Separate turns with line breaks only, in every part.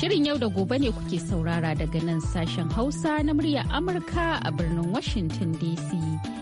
Shirin yau da gobe ne kuke saurara daga nan sashen Hausa na murya Amurka a birnin Washington DC.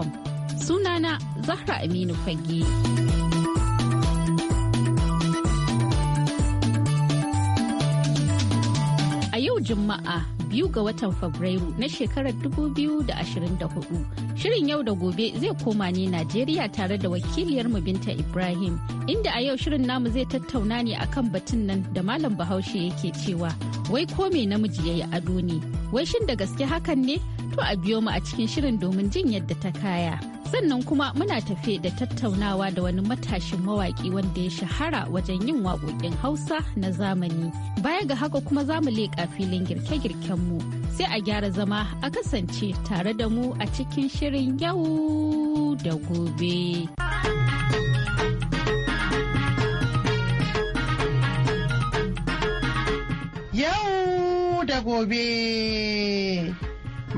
alaikum. Sunana Zahra Aminu Fage. A yau Juma'a biyu ga watan Fabrairu na shekarar 2024. Shirin yau da gobe zai koma ne Najeriya tare da wakiliyarmu Binta Ibrahim, inda a yau shirin namu zai tattauna ne akan batun nan da Malam Bahaushe yake cewa, wai ko namiji ya yi ado ne, wai shin da gaske hakan ne? ku a biyo mu a cikin shirin domin jin yadda ta kaya. Sannan kuma muna tafe da tattaunawa da wani matashin mawaƙi wanda ya shahara wajen yin waƙoƙin Hausa na zamani. Baya ga haka kuma za mu leƙa filin girke girken mu Sai a gyara zama a kasance tare da mu a cikin shirin yau da gobe.
Yau da gobe.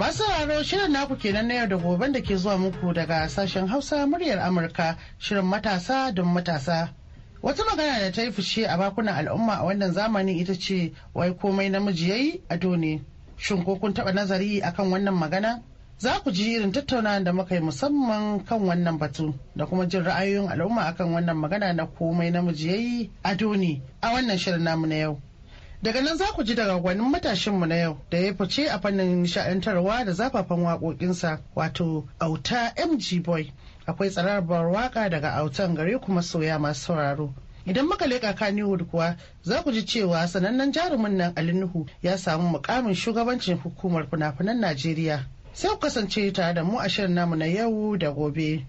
Masu sauraro shirin naku kenan na yau da goben da ke zuwa muku daga sashen Hausa muryar Amurka shirin matasa don matasa. Wata magana da ta yi fushi a bakunan al'umma a wannan zamani ita ce wai komai namiji yayi a ne. Shin ko kun taɓa nazari akan wannan magana? Za ku ji irin tattaunawa da muka yi musamman kan wannan batu da kuma jin ra'ayoyin al'umma akan wannan magana na komai namiji yayi a ne a wannan shirin namu na yau. Daga nan za ku ji daga gwanin matashinmu na yau da ya fice a fannin sha'antarwa da zafafan waƙoƙinsa wato auta MG Boy. Akwai tsararbar waƙa daga autan gare kuma soya masu sauraro. Idan muka leƙa kaniwood kuwa za ku ji cewa sanannen jarumin nan Ali Nuhu ya samu mukamin shugabancin hukumar fina-finan Najeriya. Sai ku kasance tare da mu a shirin namu na yau da gobe.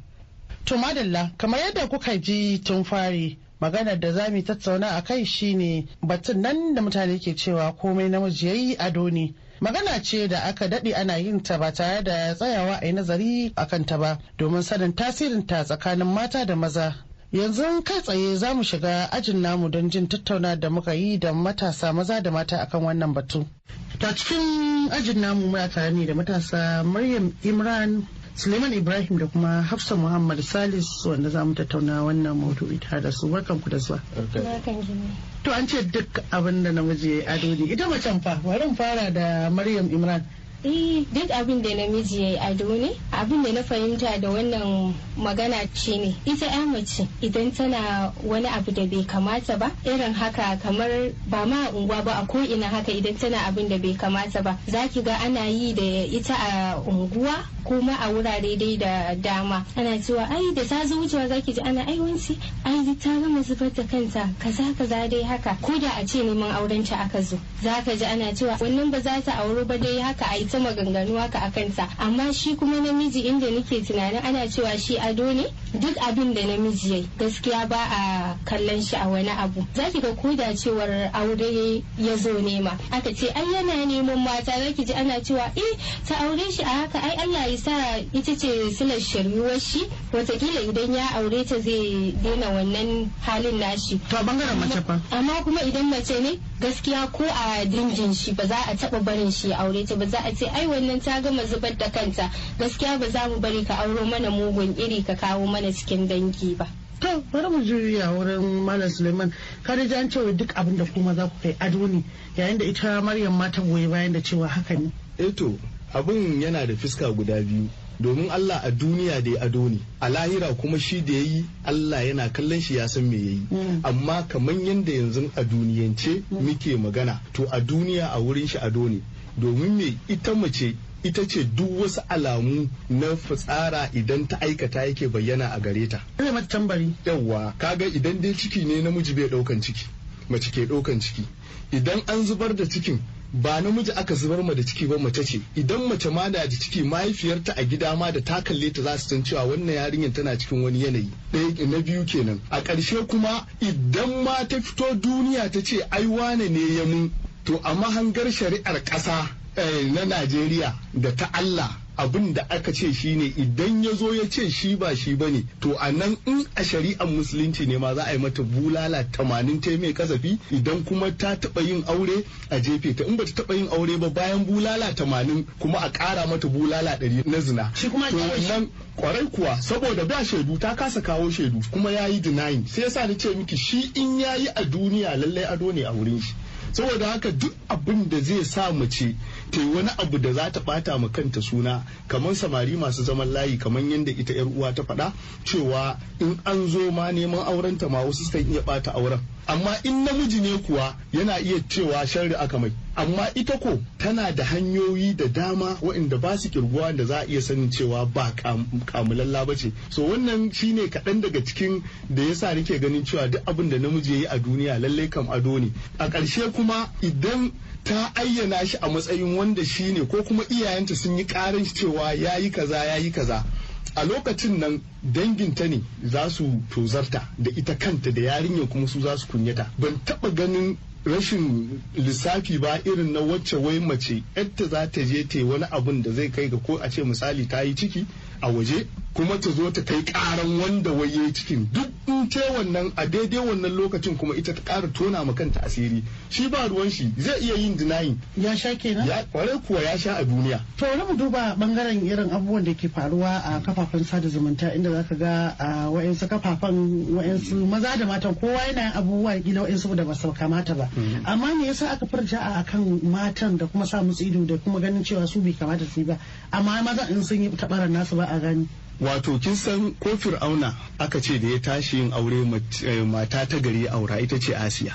To madalla kamar yadda kuka ji tun fari maganar da za mu tattauna a kai shine batun nan da mutane ke cewa komai namiji yayi ado ne magana ce da aka daɗe ana yin ta ba tare da tsayawa a yi nazari a kanta ba domin sanin tasirin ta tsakanin mata da maza yanzu kai tsaye za mu shiga ajin namu don jin tattauna da muka yi da matasa maza da mata akan wannan batu ta cikin ajin namu muna tare ne da matasa maryam imran Suleiman Ibrahim da kuma Hafsa Muhammad Salis wanda za mu tattauna wannan maudu'i ita da su barkan ku da zuwa. To an ce duk abin da namiji ya ado ne ita macen fa bari fara da Maryam Imran Eh, duk abin da namiji ya yi ado ne abin da na fahimta
da wannan magana ce ne ita ya mace idan tana wani abu da bai kamata ba irin haka kamar ba ma unguwa ba a ko'ina haka idan tana abin da bai kamata ba za ki ga ana yi da ita a unguwa kuma a wurare dai da dama ana cewa ai da ta zo wucewa za ki ji ana ai wanci ai ta gama zubar da kanta kaza kaza dai haka ko da a ce neman aurenta aka zo za ka ji ana cewa wannan ba za ta auri ba dai haka ai ta maganganu haka a kansa amma shi kuma namiji inda nake tunanin ana cewa shi ado ne duk abin da namiji yayi gaskiya ba a kallon shi a wani abu zaki ga koda cewar aure ya zo nema aka ce ai yana neman mata zaki ji ana cewa eh ta aure shi a haka ai Allah ya sa ita ce silar shiryuwar shi watakila idan ya aure ta zai daina wannan halin nashi
to bangaren mace fa
amma kuma idan mace ne gaskiya ko a dinjin shi ba za a taba barin shi aure ta ba za a ce ai wannan ta gama zubar da kanta gaskiya ba za mu bari ka auro mana mugun iri ka kawo mana cikin dangi ba
to bari mu juriya wurin malam suleiman da jan cewa duk abin da kuma za ku kai ado ne yayin da ita maryam ma ta goyi bayan da cewa haka ne
eto eh abin yana da fuska guda biyu domin
Allah a duniya
da ya ado ne a lahira kuma shi da ya yi Allah yana kallon shi ya san me ya yi mm. amma kamar yanda yanzu a duniyance mm. muke magana to a duniya a wurin shi ado ne domin me ita mace ita ce duk wasu alamu na fitsara idan ta aikata yake bayyana a gare ta. Zai mata tambari. Yawwa, kaga idan dai ciki ne namiji bai ɗaukan ciki, mace ke ɗaukan ciki. Idan an zubar da cikin ba namiji aka zubar ma da ciki ba mace ce idan mace ma da ciki mahaifiyarta a gida ma da ta kalle ta za su san cewa wannan yarinyar tana cikin wani yanayi ɗaya na biyu kenan a ƙarshe kuma idan ma ta fito duniya ta ce ai wane ne ya mun to a mahangar shari'ar ƙasa eh, na najeriya da ta allah abin da aka ce shi ne idan ya zo ya ce shi ba shi ba ne to a nan in a shari'ar musulunci ne ma za a yi mata bulala tamanin ta mai kasafi idan kuma ta taɓa yin aure a jefe ta in ba ta taɓa yin aure ba bayan bulala tamanin kuma a kara mata bulala ɗari na zina. Shi kuma nan kwarai kuwa saboda ba shaidu ta kasa kawo shaidu kuma ya yi denying sai yasa ni ce miki shi in ya yi a duniya lallai ado ne a wurin shi. saboda haka duk abin da zai sa mace ta yi wani abu da za ta bata ma kanta suna kamar samari masu zaman layi kamar yadda ita yar uwa ta faɗa cewa in an zo ma neman aurenta ma wasu sukan iya bata auren amma in namiji ne kuwa yana iya cewa shari aka mai amma ita ko tana da hanyoyi da dama waɗanda ba su kirguwa da za a iya sanin cewa ba kamulalla ba ce so wannan shine kaɗan daga cikin da yasa nake ganin cewa duk abin da namiji ya yi a duniya lallai kam ado ne a ƙarshe kuma idan ta ayyana shi a matsayin wanda shi ne ko kuma iyayenta sun yi karin cewa ya yi kaza ya yi kaza a lokacin nan danginta ne za su tozarta da ita kanta da yarinya kuma su za su kunyata ban taba ganin rashin lissafi ba irin na wacce wai mace yadda za ta je ta wani abun da zai kai ga ko a ce misali ta yi ciki a waje kuma ta zo ta kai karan wanda wai yayi cikin duk in ce wannan a daidai wannan lokacin kuma ita ta kara tona ma kanta asiri shi ba ruwan shi zai iya yin denying ya sha kenan
ya kware kuwa ya sha a duniya to wani mu duba bangaren irin abubuwan da ke faruwa a kafafen sada zumunta inda zaka ga wa'ansu kafafen wa'ansu maza da matan kowa yana yin abubuwa kila wa'ansu da ba su kamata ba mm-hmm. amma me yasa aka furta a akan matan da kuma sa musu ido da kuma ganin cewa su bai kamata su yi ba amma maza in sun yi tabarar nasu ba a gani
wato kin san ko fir'auna aka ce da ya tashi yin aure eh, mata ta gari aura ita ce asiya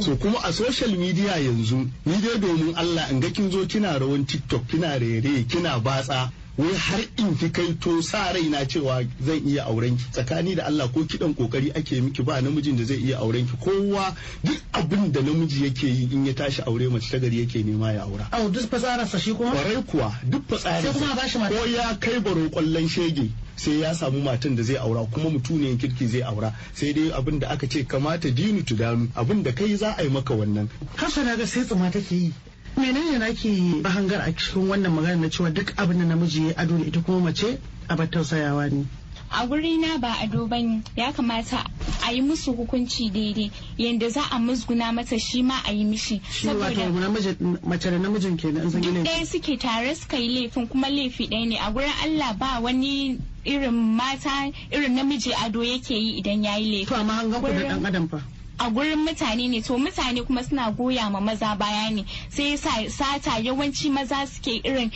so kuma a social media yanzu ni dai domin allah in ga kin zo kina rawan tiktok kina rere kina batsa wai har in fi kai to sa rai na cewa zan iya auren ki tsakani da Allah ko kidan kokari ake miki ba namijin da zai iya auren ki kowa duk abin da namiji yake yi in ya tashi aure mace ta gari yake nema ya aura
au duk sa shi kuma kwarai
kuwa duk fasara sai kuma ba shi mata ko ya kai baro kwallon shege sai ya samu matan da zai aura kuma mutuniyan kirki zai aura sai dai abin da aka ce kamata
dinu tudanu abin da kai za a yi maka wannan kasa na ga sai tsuma take yi menene nake bahangar a cikin wannan magana na cewa duk abin da namiji ya ado da ita kuma mace a sayawa ne
a na ba ado bane ya kamata a yi musu hukunci daidai yadda za a musguna mata shi ma a yi mishi saboda
mace da namijin kenan ɗaya
suke tare suka yi laifin kuma laifi ɗaya ne a gurin Allah ba wani irin mata irin namiji ado yake yi idan ya yi laifin to amma an ku da dan adam fa a gurin mutane ne to mutane kuma suna goya ma maza baya ne sai sata yawanci maza suke irin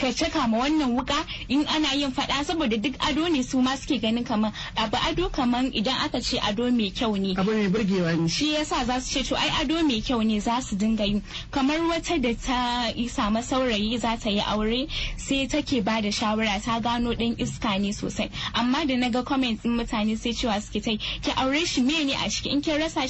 ka cika ma wannan wuka in ana yin fada saboda duk ado ne su ma suke ganin kamar abu ado kamar idan aka ce ado mai kyau ne abu mai
burgewa ne
shi yasa za su ce to ai ado mai kyau ne za su dinga yi kamar wata da ta samu saurayi za ta yi aure sai take ba da shawara ta gano din iska ne sosai amma da naga ga din mutane sai cewa suke ta ki aure shi me ne a cikin in kin rasa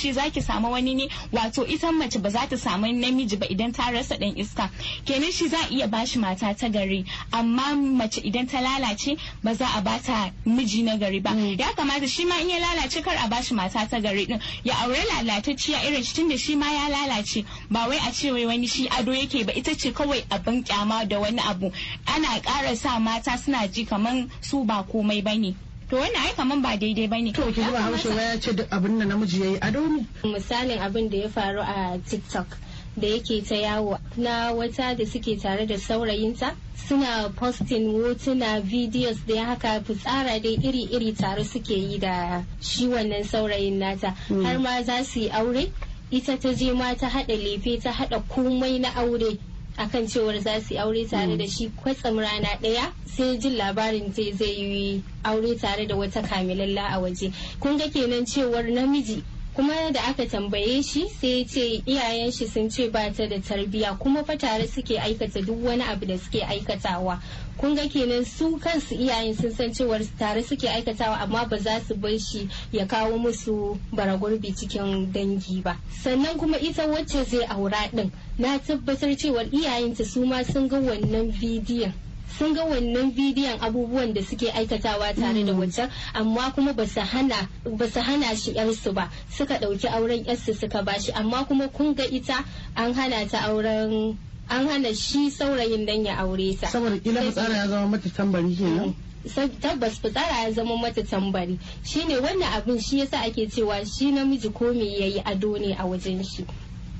shi zaki samu wani ne wato ita mace ba za ta samu namiji ba idan ta rasa dan iska kenan shi za iya bashi mata ta gari amma mace idan ta lalace ba za a bata miji na gari ba mm. ya kamata shi ma in ya lalace kar a bashi mata ta gari din ya aure lalatacciya irin shi tunda shi ma ya lalace ba wai a ce wai wani shi ado yake ba ita ce kawai abin kyama da wani abu ana ƙara sa mata suna ji kaman
su ba komai bane to wannan ai kaman ba daidai bane
to ki hausa ba
ya ce duk abin da
namiji yayi ado ne misalin abin da ya faru a TikTok da yake ta yawo na wata da suke tare da saurayinta suna posting hotuna videos da ya haka fitsara dai iri-iri tare suke yi da shi wannan saurayin nata hmm. har ma za su yi aure ita ta je ma ta haɗa lefe ta haɗa komai na aure akan cewar za su yi aure tare da mm. shi kwatsam rana ɗaya sai jin labarin zai zai yi aure tare da wata kamilalla a waje kun ga kenan cewar namiji kuma da aka tambaye shi sai ce iyayen shi sun ce ba ta da tarbiya kuma fa tare suke aikata duk wani abu da suke aikatawa kun ga kenan su kansu iyayen sun san cewar tare suke aikatawa amma ba za su bar shi ya kawo musu baragurbi cikin dangi ba sannan kuma ita wacce zai aura din na tabbatar cewa iyayenta su ma sun ga wannan bidiyon sun ga wannan bidiyon abubuwan da suke aikatawa tare da mm. wancan amma kuma ba su hana shi yarsu ba suka ɗauki auren yarsu suka bashi amma kuma kun ga ita an hana ta auren an hana shi saurayin dan ya aure ta saboda kila fitsara
ya zama mata tambari kenan
mm. tabbas fitsara ya zama mata tambari shine wannan abin shi yasa ake cewa shi namiji ko me yayi ado ne a wajen shi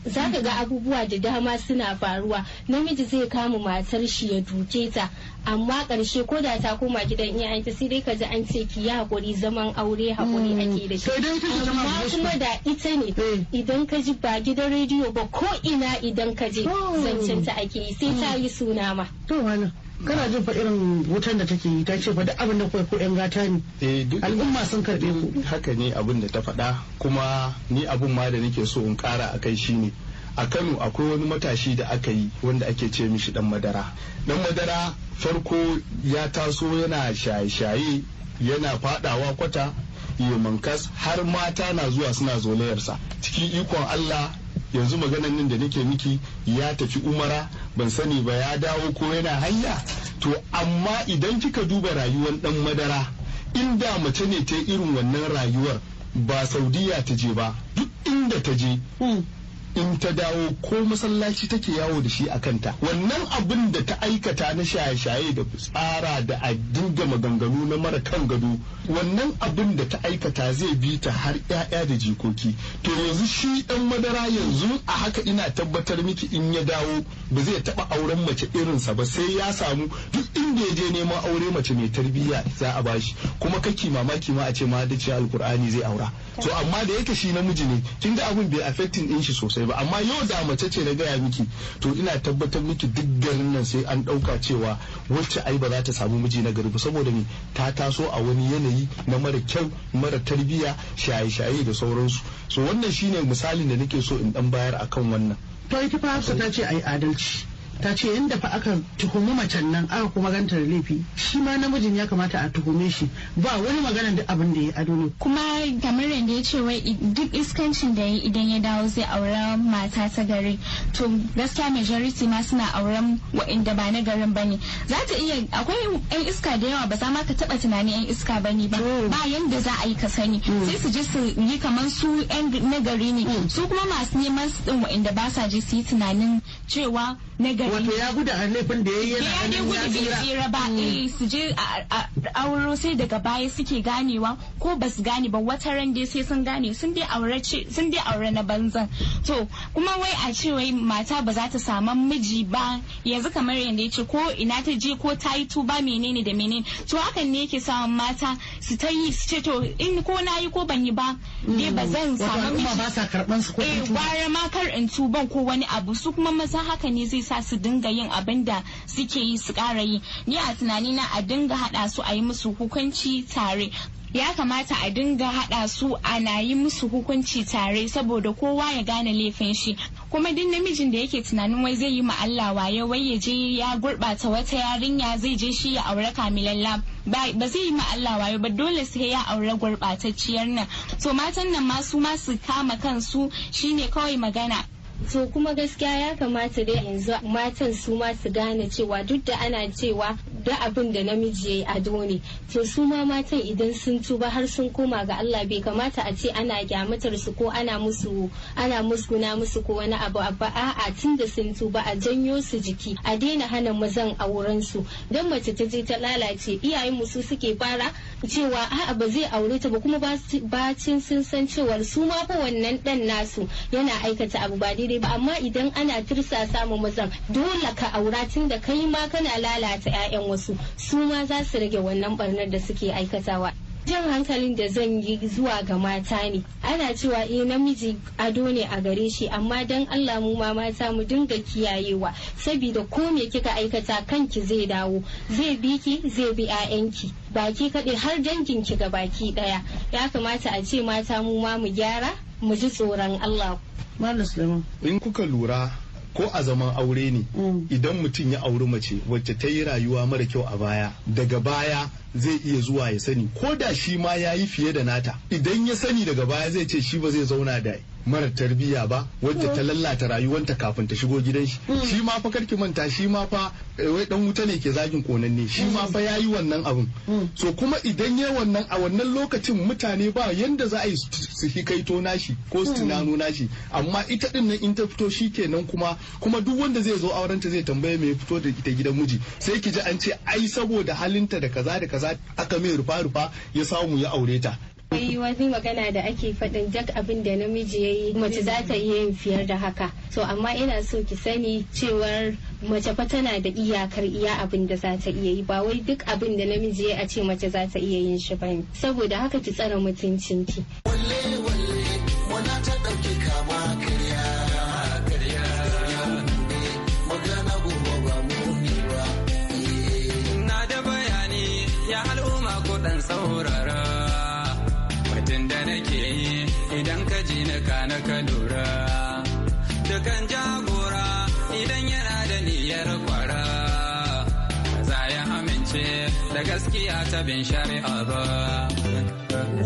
za ka ga abubuwa da dama suna faruwa namiji zai kama matar shi ya duke ta amma ƙarshe ko da ta koma gidan ta sai dai ka ji an ce ki yi hakuri zaman aure hakuri hmm. ake da shi amma kuma da ita ne eh. idan ka ji ba gidan rediyo ba ko ina idan ka je oh. zancen ta ake yi sai ta yi suna ma
kana jin fa irin wutan da take yi ta ce fa duk abin da kwaiko yan gata ne eh, al'umma sun karbe ku haka ne abin da ta faɗa
kuma ni abin ma da nake so in ƙara shi shine a Kano akwai wani matashi da aka yi wanda ake ce mishi dan madara dan madara farko ya taso yana shaye-shaye yana fadawa kwata mankas har mata na zuwa suna zolayarsa cikin ikon Allah yanzu maganan nan da nake miki ya tafi umara ban sani ba ya dawo ko yana hanya to amma idan kika duba rayuwar dan madara inda mace ne ta irin wannan rayuwar ba saudiya ta je ba duk inda ta je hmm. in ta dawo ko masallaci take yawo da shi a kanta wannan abin da ta aikata na shaye-shaye da tsara da a ga maganganu na mara kan gado wannan abin da ta aikata zai bi ta har 'ya'ya da jikoki to yanzu shi dan madara yanzu a haka ina tabbatar miki in ya dawo ba zai taba auren mace irinsa ba sai ya samu duk inda ya je neman aure mace mai tarbiyya za a bashi kuma kake mamaki ma a ce ma da alkur'ani zai aura to amma da yake shi namiji ne kinga abun abin bai affecting din shi sosai sosai ba amma yau da mace ce na gaya miki to ina tabbatar miki duk garin nan sai an ɗauka cewa wacce ai ba za ta samu miji na gari ba saboda me ta taso a wani yanayi na mara kyau mara tarbiyya shaye-shaye da sauransu
so wannan shine misalin da nake so in dan bayar akan wannan to ita fa ta ce ai adalci ta ce yanda fa aka tuhumi macen nan aka kuma ganta da laifi shi ma namijin ya kamata a tuhume shi ba wani magana da abin da ya ado ne kuma kamar yadda ya ce wai duk
iskancin da ya idan ya dawo zai aura mata ta gari to gaskiya majority ma suna auren wa'inda ba na garin ne za ta iya akwai yan iska da yawa ba za ma ka taba tunanin yan iska ne ba ba yanda za a yi ka sani mm. sai su je su yi kamar su yan na ne mm. su kuma masu neman su din wa'inda ba sa je su yi tunanin cewa
na gari wato ya gudu a laifin da ya yi yana ganin ya tsira tsira
ba mm. eh su je a auro sai daga baya suke ganewa ko ba su gane ba wata ran dai sai sun gane sun dai aure ce sun dai aure na banzan to kuma wai a ce wai mata ba za ta samu miji ba yanzu kamar yanda yace ko ina ta je ko ta yi tuba menene da menene to hakan ne yake samun mata su ta yi su ce to in ko na yi ko ban yi ba mm. dai ba zan samu miji ba sa
karban su ko eh
gwara ma kar in tuban ko wani abu su kuma maza haka ne zai sa su dinga yin abin da suke yi su ƙara yi ni a tunanina a dinga haɗa su a yi musu hukunci tare ya kamata a dinga haɗa su ana yi musu hukunci tare saboda kowa ya gane laifin shi kuma duk namijin da yake tunanin wai zai yi ma Allah waye wai ya je ya gurɓata wata yarinya zai je shi ya aure kamilalla ba zai yi ma Allah waye ba dole sai ya aure gurɓatacciyar nan to matan nan ma su ma
su kama kansu shine kawai magana to kuma gaskiya ya kamata dai yanzu matan su ma su gane cewa duk da ana cewa da abin da namiji ya yi ado ne to su ma matan idan sun tuba har sun koma ga Allah bai kamata a ce ana gyamatar su ko ana musu ana musguna musu ko wani abu ba a'a tun da sun tuba a janyo su jiki a daina hana mazan auren su dan mace ta je ta lalace iyayen su suke fara cewa a'a ba zai aure ta ba kuma bacin sun san cewa su ma fa wannan dan nasu yana aikata abu ba daidai ba amma idan ana tirsa samu mazan dole ka aura tun da kai ma kana lalata 'ya'yan wasu su ma za su rage wannan barnar da suke aikatawa jan hankalin da zan yi zuwa ga mata ne ana cewa eh namiji ado ne a gare shi amma dan Allah mu ma mata mu dinga kiyayewa sabida ko me kika aikata kanki zai dawo zai bi ki zai bi 'ya'yanki baki kaɗai har dangin ki ga baki ɗaya ya kamata a ce mata mu ma mu gyara mu ji tsoron Allah
in kuka lura ko a zaman aure ne mm. idan mutum ya auri mace wacce ta yi rayuwa mara kyau a baya daga baya zai iya zuwa ya sani ko da shi ma ya yi fiye da nata idan ya sani daga baya zai ce shi ba zai zauna da mara tarbiyya ba wadda ta lallata rayuwanta kafin ta shigo gidan shi hmm. shi ma fa karki manta shi ma fa eh, wai dan wuta ne ke zagin konanne shi ma fa yayi wannan abun. Hmm. so kuma idan yayi wannan a wannan lokacin mutane ba yanda za a yi su hikaito nashi ko su hmm. tunano nashi amma ita din nan in ta fito shikenan kuma kuma duk wanda zai zo auren ta zai tambaye me fito da ita gidan miji sai ki ji an ce ai saboda halinta da kaza da kaza kaza aka mai rufa rufa ya samu ya aure ta
ai wani magana da ake faɗin duk abin da namiji ya yi mace za ta iya yin fiyar da haka to amma ina so ki sani cewar mace fa tana da iyakar iya abin da za ta iya yi ba wai duk abin da namiji ya a ce mace za ta iya yin shi bane saboda haka ki tsara mutuncinki walle
walle
ne ka na ka lura dukan jagora idan yana da niyyar kwara za ya amince da gaskiya ta bin shari'a ba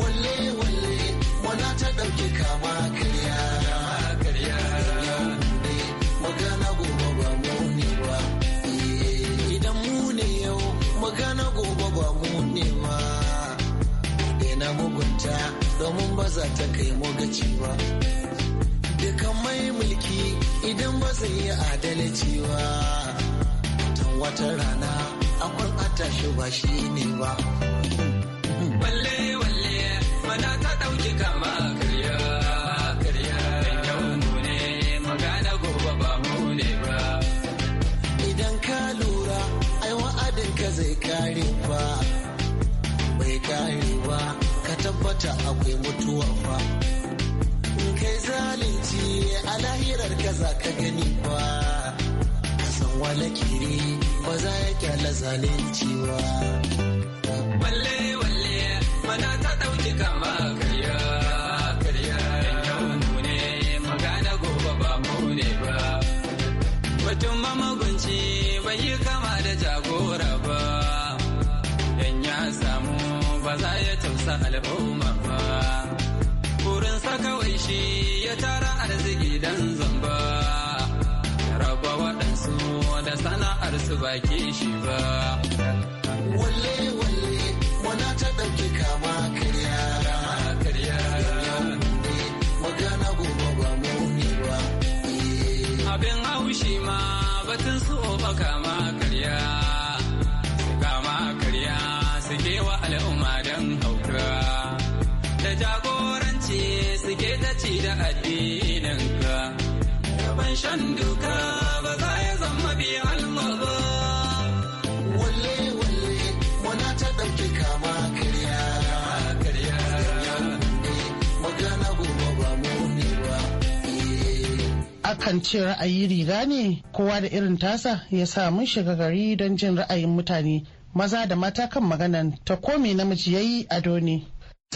Wale-wale
wana ta ɗauki
kama za ta kai mogaci ba dukkan mai mulki idan ba zai yi adalci ba watan wata rana akwai atashi ba shi ne ba tabbata akwai mutuwa fa kai zalunci a lahirar ka za ka gani ba ka san wala kiri ba za ya kyala zalunci ba
walle walle mana ta dauki kama karya karya mu ne magana gobe ba mu ne ba mutum ma magunci bai yi kama da jagora ba dan ya samu ba za ya tausa al'umma kawai shi ya tara arziki dan zamba raba waɗansu da sana'ar su baki shi ba
kan ce ra'ayi riga ne kowa da irin tasa ya sa mun shiga gari don jin ra'ayin mutane maza da mata kan maganan ta kome namiji yayi a doni.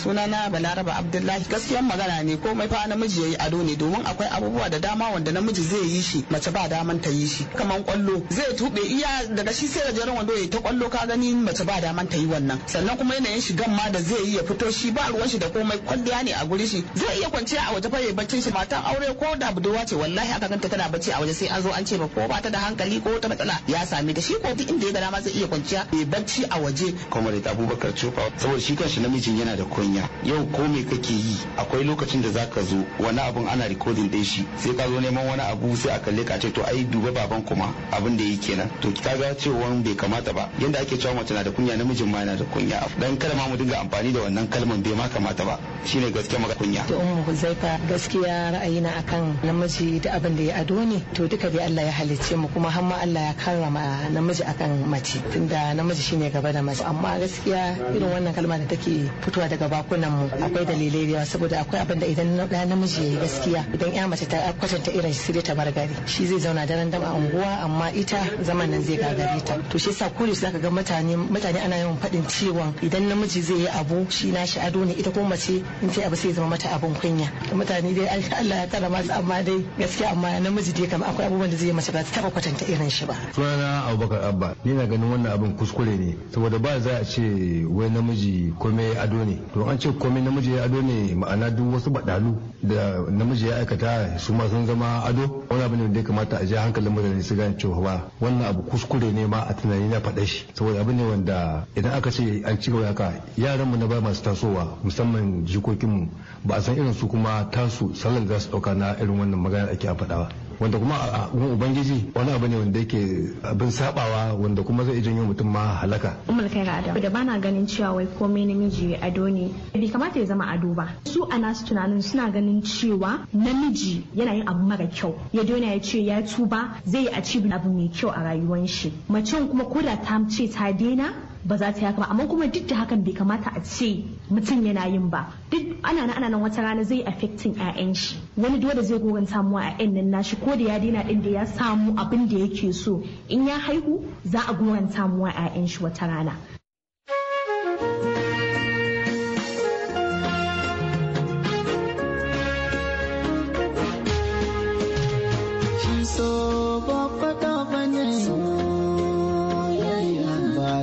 sunana balaraba abdullahi
gaskiyan magana ne komai fa namiji yi ado ne domin akwai abubuwa da dama wanda namiji zai yi shi mace ba daman ta yi shi kaman kwallo zai tube iya daga shi sai gajeren wando ya ta kwallo ka gani mace ba daman ta yi wannan sannan kuma yanayin shi ma da zai yi ya fito shi ba ruwan shi da komai kwalliya ne a guri shi zai iya kwanciya a waje fa ya baccin shi matan aure ko da budurwa ce wallahi aka ganta tana bacci a waje sai an zo an ce ba ko ba ta da
hankali ko ta matsala ya same ta shi ko duk inda ya ga dama zai iya kwanciya ya bacci a waje
kamar abubakar Cofa saboda shi kanshi namijin yana da kunya manya yau ko me kake yi akwai lokacin da zaka zo wani abun ana rikodin din shi sai ka zo neman wani abu sai a kalle ka ce to ai duba baban kuma abin da yi kenan to ka ga cewa bai kamata ba yanda ake cewa mace na da kunya namijin ma yana da kunya dan kada ma mu dinga amfani da wannan kalman bai ma kamata ba shine gaskiya maka kunya to
ummu huzaifa gaskiya ra'ayina akan namiji da abin da ya ado ne to duka bai Allah ya halicce mu kuma har ma Allah ya karrama namiji akan mace tunda namiji shine gaba da mace amma gaskiya irin wannan kalma da take fitowa daga ba. bakunan mu akwai dalilai da saboda akwai abin da idan na namiji ya yi gaskiya idan ya mace ta kwatanta irin shi sai ta bar gari shi zai zauna daren dam a unguwa amma ita zaman nan zai gagare ta to shi yasa kore zaka ga mutane mutane ana yawan faɗin ciwon idan namiji zai yi abu shi na shi ado ne ita ko mace in ta abu sai zama mata abun kunya mutane dai Allah ya tara masu amma dai gaskiya amma namiji dai kamar akwai abubuwan da zai mace ba ta taba kwatanta irin shi ba
sunana Abubakar Abba ni na ganin wannan abin kuskure ne saboda ba za a ce wai namiji komai ado ne to an ce komai namiji ya ado ne ma'ana duk wasu badalu da namiji ya aikata su ma sun zama ado wani abu ne da ya kamata a ji hankalin mutane su gane cewa ba wannan abu kuskure ne ma a tunani na faɗa shi saboda abu ne wanda idan aka ce an ci gaba haka yaran mu na ba masu tasowa musamman jikokinmu ba a san irin su kuma tasu sallar za su ɗauka na irin wannan magana ake a faɗa ba wanda kuma a ubangiji wani abu ne wanda yake abin sabawa wanda kuma zai janyo mutum ma halaka
umar kai ga adam da bana ganin cewa wai komai namiji ya ado ne bai kamata ya zama ado ba su a nasu tunanin suna ganin cewa namiji yana yin abu mara kyau ya dona ya ce ya tuba zai yi achieve abu mai kyau a rayuwan shi macen kuma ko da ta ce ta daina ba za ta yaka ba amma kuma duk da hakan bai kamata a ce mutum yana yin ba duk ana nan ana nan wata rana zai affecting ƴaƴan shi wani dole zai gogon a ƴaƴan nan nashi ko da ya daina din da ya samu abin da yake so in ya haihu za a gogon samuwa ƴaƴan shi wata rana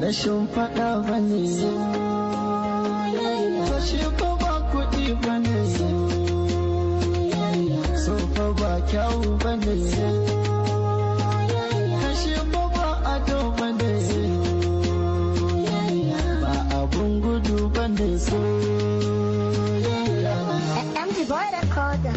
rashin faɗa ba ne tashi fa ba kuɗi ba ne sofa ba kyawu ba ne tashi fa ba ado ba ne ba abun gudu ba ne so Empty boy recorder.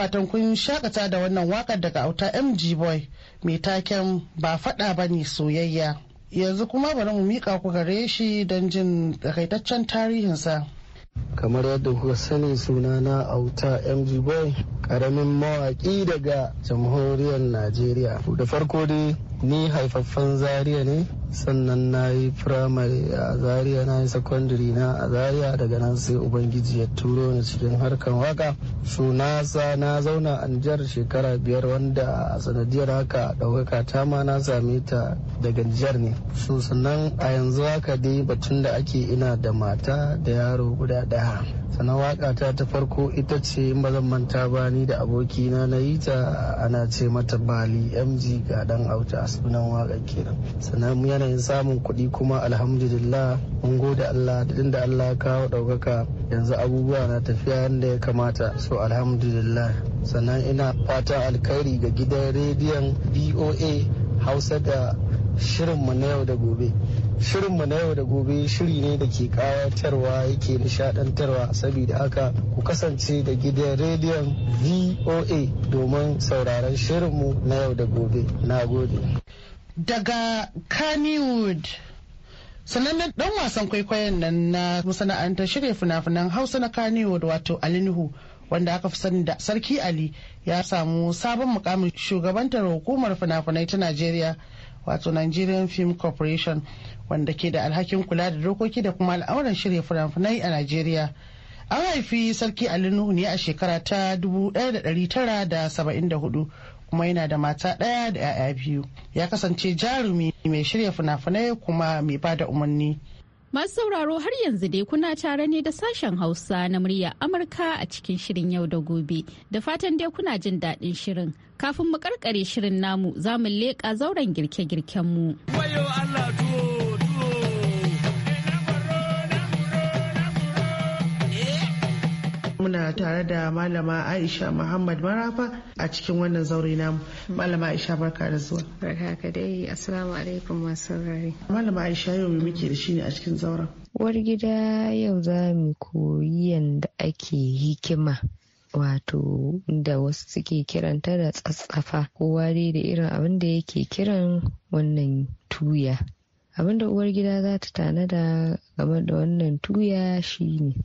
fatan kun shakata da wannan wakar daga auta mg boy mai taken ba fada ba ne soyayya yanzu kuma bari mu mika ku gare shi don jin takaitaccen tarihinsa kamar
yadda kuka sani suna na auta mg boy karamin mawaƙi daga jamhuriyar najeriya da farko dai ni haifaffen zaria ne sannan na yi firamare a zaria na yi sakwandiri na a zaria daga nan sai ubangiji ya turo ni cikin harkar waka su na na zauna a nijar shekara biyar wanda a sanadiyar haka ɗaukaka ta ma na same ta daga nijar ne su sannan a yanzu haka dai batun da ake ina da mata da yaro guda daya. sannan waka ta ta farko ita ce in ba zan manta ba ni da abokina na yi ta ana ce mata bali mg ga dan auta sunan waka kenan sannan yanayin samun kuɗi kuma alhamdulillah mun gode Allah da inda Allah ya kawo ɗaukaka yanzu abubuwa na tafiya yadda ya kamata so alhamdulillah sannan ina fata alkhairi ga gidan rediyon BOA Hausa da shirinmu na yau da gobe. shirinmu na yau da gobe shiri ne da ke kayatarwa yake nishadantarwa saboda haka ku kasance da gidan rediyon voa domin sauraron shirinmu na yau da gobe na gode
daga Kannywood. sanannen dan wasan kwaikwayon nan na masana'antar shirya fina-finan hausa na Kannywood wato Alinuhu wanda aka fi sani da Sarki Ali ya samu sabon mukamin shugabantar hukumar fina-finai ta Najeriya wato Nigerian Film Corporation wanda ke da alhakin kula da dokoki da kuma al'auran shirya fina-finai a Najeriya. An haifi Sarki Ali Nuhu ne a shekara ta 1974 kuma yana da mata ɗaya da 'ya'ya biyu ya kasance jarumi mai shirya fina-finai kuma mai ba da umarni
masu sauraro har yanzu dai kuna tare ne da sashen hausa na murya amurka a cikin shirin yau da gobe da fatan dai kuna jin daɗin shirin kafin mu karkare shirin namu za mu leƙa zauren girke girken mu
muna tare da malama Aisha Muhammad Marafa a cikin wannan zaure namu. Malama Aisha barka da zuwa. Barka ka dai Assalamu alaikum masu rari. Malama Aisha yau muke da shi ne a cikin zauren.
war gida yau za mu koyi yadda ake hikima. wato da wasu suke kiranta da tsatsafa kowa dai da irin abin da yake kiran wannan tuya abin da uwar gida za ta tanada game da wannan tuya shine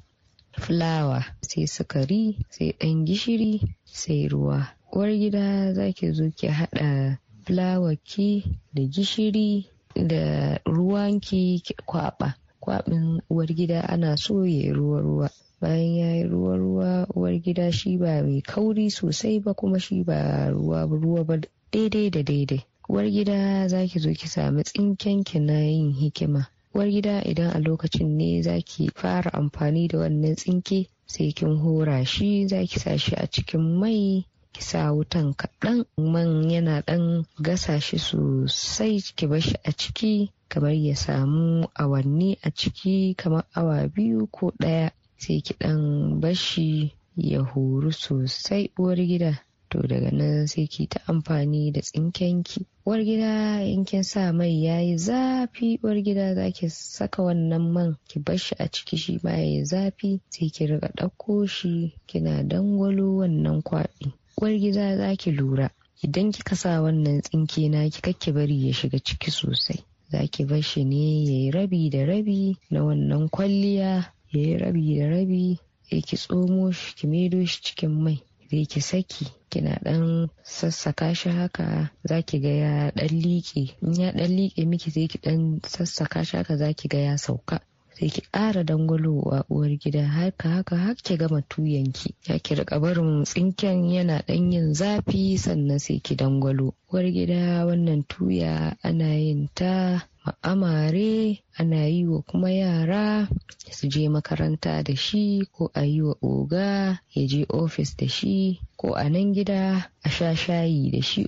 fulawa sai sukari sai ɗan gishiri sai ruwa uwar gida za ki zo ki haɗa fulawarki da gishiri da ruwanki ki kwaɓa kwaɓin uwar gida ana so ya yi ruwa-ruwa bayan ya yi ruwa-ruwa uwar gida shi ba mai kauri sosai ba kuma shi ba ruwa-ruwa ba daidai da daidai uwar gida za ki zo ki sami tsinken ki na yin hikima gida idan a lokacin ne zaki fara amfani da wannan tsinke sai kin hora shi zaki sa shi a cikin mai ki sa wutan kaɗan man yana ɗan gasa shi sosai ki bar shi a ciki kamar ya samu awanni a ciki kamar awa biyu ko ɗaya sai ki ɗan bashi ya horu sosai uwar gida to daga nan sai ki ta amfani da tsinkenki uwar gida in kin sa mai yayi zafi uwar gida za ki saka wannan man ki bar shi a ciki shi ma yayi zafi sai ki riga ɗauko shi kina dangwalo wannan kwaɗi uwar gida za ki lura idan kika sa wannan tsinke na ki bari ya shiga ciki sosai za ki bar shi ne yayi rabi da rabi na wannan kwalliya yayi rabi da rabi sai ki tsomo shi ki maido shi cikin mai Zai ki saki kina dan sassaka shi haka za ki ga ya dan liƙe in ya dan liƙe miki zai ki dan sassaka shi haka za ki ga ya sauka sai ki ƙara dangwalowa uwar gida haka haka har ki gama tuyanki ya ki rika barin tsinken yana ɗan yin zafi sannan sai ki dangwalo uwar gida wannan tuya ana yin ta amare ana yi wa kuma yara su je makaranta da shi ko a yi wa oga ya je ofis da shi ko a nan gida a sha shayi da shi.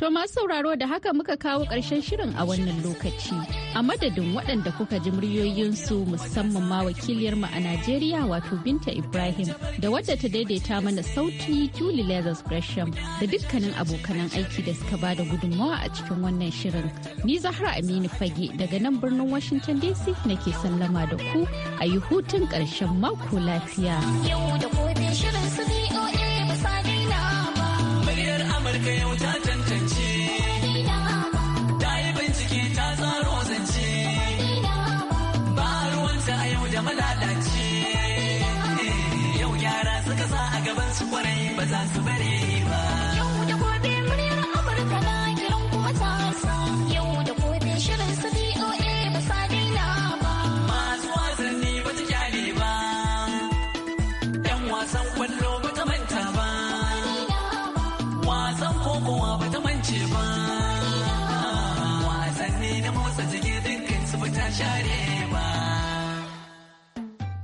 To masu sauraro da haka muka kawo ƙarshen shirin a wannan lokaci. A madadin waɗanda kuka ji muryoyinsu musamman ma wakiliyar mu a Najeriya wato Binta Ibrahim da wadda ta daidaita mana sauti Julie Lazarus Gresham da dukkanin abokanan aiki da suka bada gudunmawa a cikin wannan shirin. Ni Zahra Aminu Fage daga nan birnin Washington DC nake sallama da ku a yi hutun ƙarshen mako lafiya.
Yau da shirin